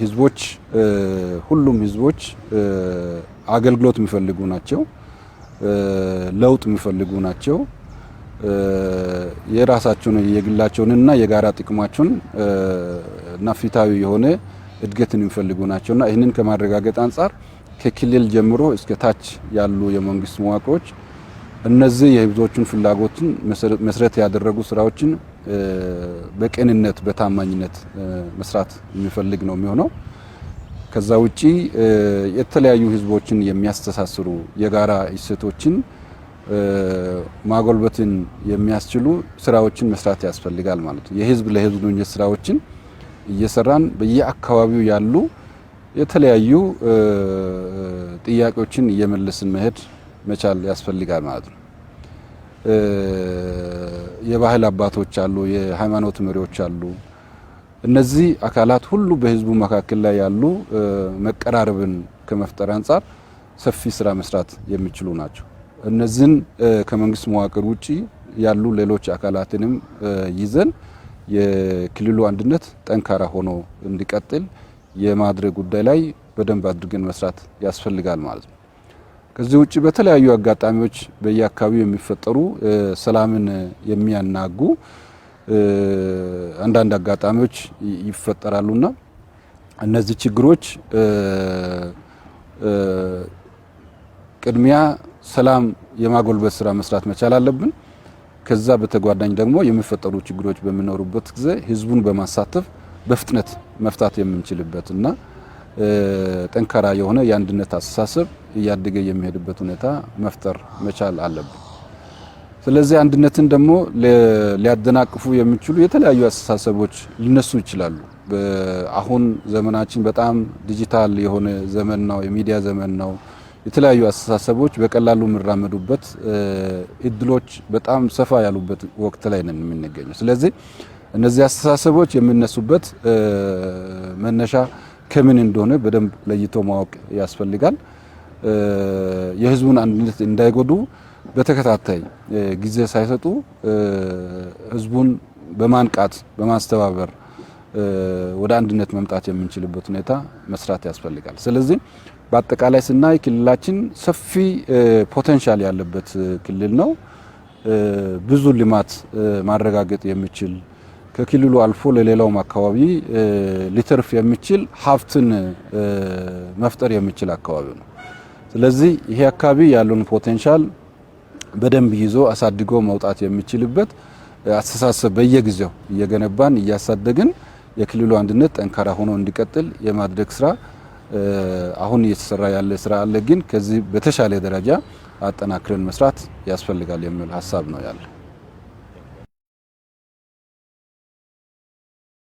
ህዝቦች ሁሉም ህዝቦች አገልግሎት የሚፈልጉ ናቸው። ለውጥ የሚፈልጉ ናቸው። የራሳቸውን የግላቸውንና የጋራ ጥቅማቸውን እና ፊታዊ የሆነ እድገትን የሚፈልጉ ናቸውና ይህንን ከማረጋገጥ አንጻር ከክልል ጀምሮ እስከ ታች ያሉ የመንግስት መዋቅሮች እነዚህ የህዝቦችን ፍላጎትን መሰረት ያደረጉ ስራዎችን በቅንነት በታማኝነት መስራት የሚፈልግ ነው የሚሆነው። ከዛ ውጪ የተለያዩ ህዝቦችን የሚያስተሳስሩ የጋራ እሴቶችን ማጎልበትን የሚያስችሉ ስራዎችን መስራት ያስፈልጋል ማለት ነው። የህዝብ ለህዝብ ግንኙነት ስራዎችን እየሰራን በየአካባቢው ያሉ የተለያዩ ጥያቄዎችን እየመለስን መሄድ መቻል ያስፈልጋል ማለት ነው። የባህል አባቶች አሉ፣ የሃይማኖት መሪዎች አሉ። እነዚህ አካላት ሁሉ በህዝቡ መካከል ላይ ያሉ መቀራረብን ከመፍጠር አንጻር ሰፊ ስራ መስራት የሚችሉ ናቸው። እነዚህን ከመንግስት መዋቅር ውጪ ያሉ ሌሎች አካላትንም ይዘን የክልሉ አንድነት ጠንካራ ሆኖ እንዲቀጥል የማድረግ ጉዳይ ላይ በደንብ አድርገን መስራት ያስፈልጋል ማለት ነው። ከዚህ ውጭ በተለያዩ አጋጣሚዎች በየአካባቢው የሚፈጠሩ ሰላምን የሚያናጉ አንዳንድ አጋጣሚዎች ይፈጠራሉና እነዚህ ችግሮች ቅድሚያ ሰላም የማጎልበት ስራ መስራት መቻል አለብን። ከዛ በተጓዳኝ ደግሞ የሚፈጠሩ ችግሮች በሚኖሩበት ጊዜ ህዝቡን በማሳተፍ በፍጥነት መፍታት የምንችልበት እና ጠንካራ የሆነ የአንድነት አስተሳሰብ እያደገ የሚሄድበት ሁኔታ መፍጠር መቻል አለብን። ስለዚህ አንድነትን ደግሞ ሊያደናቅፉ የሚችሉ የተለያዩ አስተሳሰቦች ሊነሱ ይችላሉ። አሁን ዘመናችን በጣም ዲጂታል የሆነ ዘመን ነው፣ የሚዲያ ዘመን ነው። የተለያዩ አስተሳሰቦች በቀላሉ የሚራመዱበት እድሎች በጣም ሰፋ ያሉበት ወቅት ላይ ነን የምንገኘው። ስለዚህ እነዚህ አስተሳሰቦች የሚነሱበት መነሻ ከምን እንደሆነ በደንብ ለይቶ ማወቅ ያስፈልጋል። የህዝቡን አንድነት እንዳይጎዱ በተከታታይ ጊዜ ሳይሰጡ ህዝቡን በማንቃት በማስተባበር ወደ አንድነት መምጣት የምንችልበት ሁኔታ መስራት ያስፈልጋል። ስለዚህ በአጠቃላይ ስናይ ክልላችን ሰፊ ፖቴንሻል ያለበት ክልል ነው። ብዙ ልማት ማረጋገጥ የሚችል ከክልሉ አልፎ ለሌላውም አካባቢ ሊተርፍ የሚችል ሀብትን መፍጠር የሚችል አካባቢ ነው። ስለዚህ ይሄ አካባቢ ያለውን ፖቴንሻል በደንብ ይዞ አሳድጎ መውጣት የሚችልበት አስተሳሰብ በየጊዜው እየገነባን እያሳደግን የክልሉ አንድነት ጠንካራ ሆኖ እንዲቀጥል የማድረግ ስራ አሁን እየተሰራ ያለ ስራ አለ። ግን ከዚህ በተሻለ ደረጃ አጠናክረን መስራት ያስፈልጋል የሚል ሀሳብ ነው ያለ።